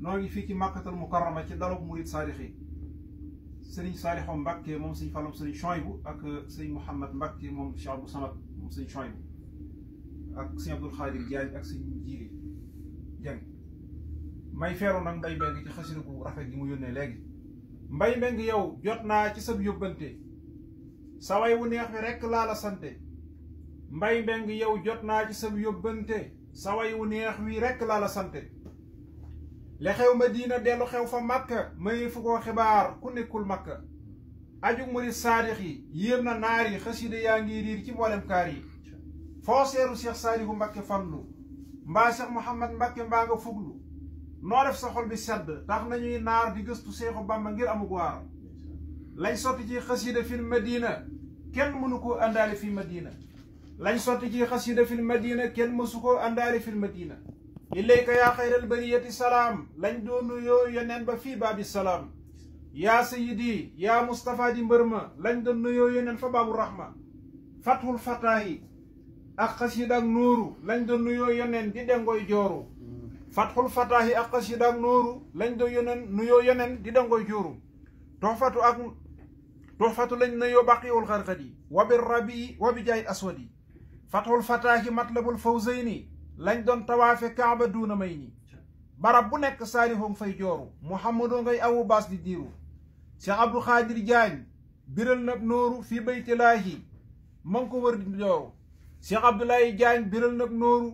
noo ngi fii ci màkkatal mukarrama ci dalub murid saalix yi sëriñ saalixo mbàkke moom sëriñ falom sëriñ Chouaïbou ak sëriñ mouhamad mbàkke moom Cheikh Abdou Samad moom sëriñ Chouaïbou ak sëriñ Abdul Xaadir Jaañ ak sëriñ Jiiri Jaañ may feeru nag mbay mbeng ci xasida bu rafet gi mu yónnee léegi mbay mbeng yow jot naa ci sab yóbbante sa way wu neex wi rekk laa la sante mbay mbeng yow jot naa ci sab yóbbante sa way wu neex wi rekk laa la sante li xew Madina dellu xew fa Makka may fu ko xibaar ku nekkul Makka ajug murit saadix yi yéer na naar yi xasida yaa ngi riir ci mboolem kaar yi foo seeru Seex Saalihu Mbakke Fallu mbaa Seex Muhammad Mbakke mbaa nga fuglu noo def sa xol bi sedd tax nañuy naar di gëstu Seexu Bàmba ngir amug waar lañ sotti ci xasida fil Madina kenn mënu koo àndaale fil Madina lañ sotti ci xasida fil Madina kenn mësu koo àndaale fil Madina ilayka yaa xayral bariyati lañ doon nuyoo yoneen ba fi baabi salaam yaa sayidi yaa Moustapha di mbër ma lañ doon nuyoo yoneen fa baabu rahma fathul fataahi ak xasida ak nooru lañ doon nuyoo yoneen di dengoy jooru fathul fataahi ak xasida ak nooru lañ doon yoneen nuyoo yoneen di dengoy jooru toxfatu ak toxfatu lañ nuyoo baqiwul xarxat yi wa bi rabii wa bi jaay aswad yi fathul fataahi matlabul fawzayni lañ doon tawaafe kaaba duuna may nii barab bu nekk saalihoo fay jooru muhammadoo ngay awu baas di diiru cheikh abdou xaadir jaañ biral na nooru fii baytilaahi ma ngi ko wër di jooru cheikh abdoulaye jaañ biral na nooru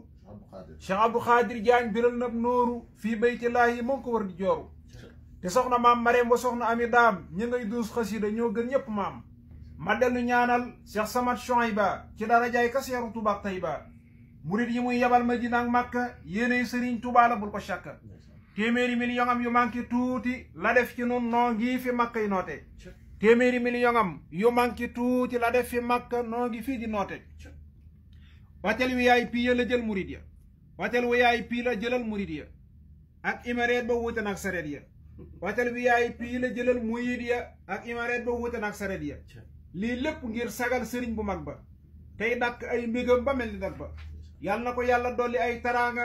cheikh abdou xaadir jaañ biral na nooru fii baytilaahi ma ngi ko wër di jooru te soxna maam mareem wa soxna ami daam ñi ngay duus xasida ñoo gën ñëpp maam ma dellu ñaanal cheikh samad chouayba ci darajaay ka seeru tubaab tayba murit yi muy yabal Madina ak Màkka yéenay Sëriñ Tuubaa la bul ko sàkk téeméeri million am yu manqué tuuti la ci nun noo ngi fi Màkka yi noote téeméeri million am yu manqué tuuti la def fi Màkka noo fii di noote watel wi ay pii la jël murit ya watel wi yaay pii la jëlal murit ya ak imareet ba wuute nag sareet ya watel wi yaay pii la jëlal murit ya ak imareet ba wuute nag sareet ya lii lépp ngir sagal sëriñ bu mag ba tey dàkk ay mbégam ba mel yal na ko yàlla dolli ay taraanga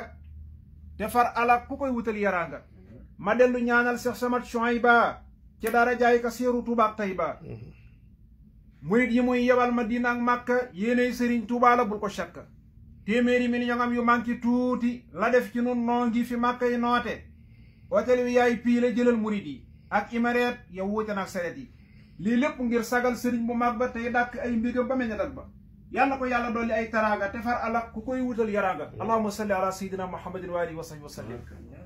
te far alak ku koy wutal yaraanga ma dellu ñaanal Cheikh Samat Chouaïba ca daara jaay ka séeru Tuubaa ak Tayba murit yi muy yebal Madina ak Màkka yéenay Sëriñ Tuubaa la bul ko chàkk téeméeri million am yu manqué tuuti la def ci nun noo ngi fi Màkka yi noote hôtel wi yaay pii la jëlal murit yi ak imareet yow wuute nag saret yi lii lépp ngir sagal sëriñ bu mag ba tey dàkk ay mbigam ba meññatal ba yàlla ko yàlla dolli ay taraanga te far alak ku koy wutal yaraanga mm. allahumma salli ala sayyidina muhammadin wa alihi wa sahbihi wa sallim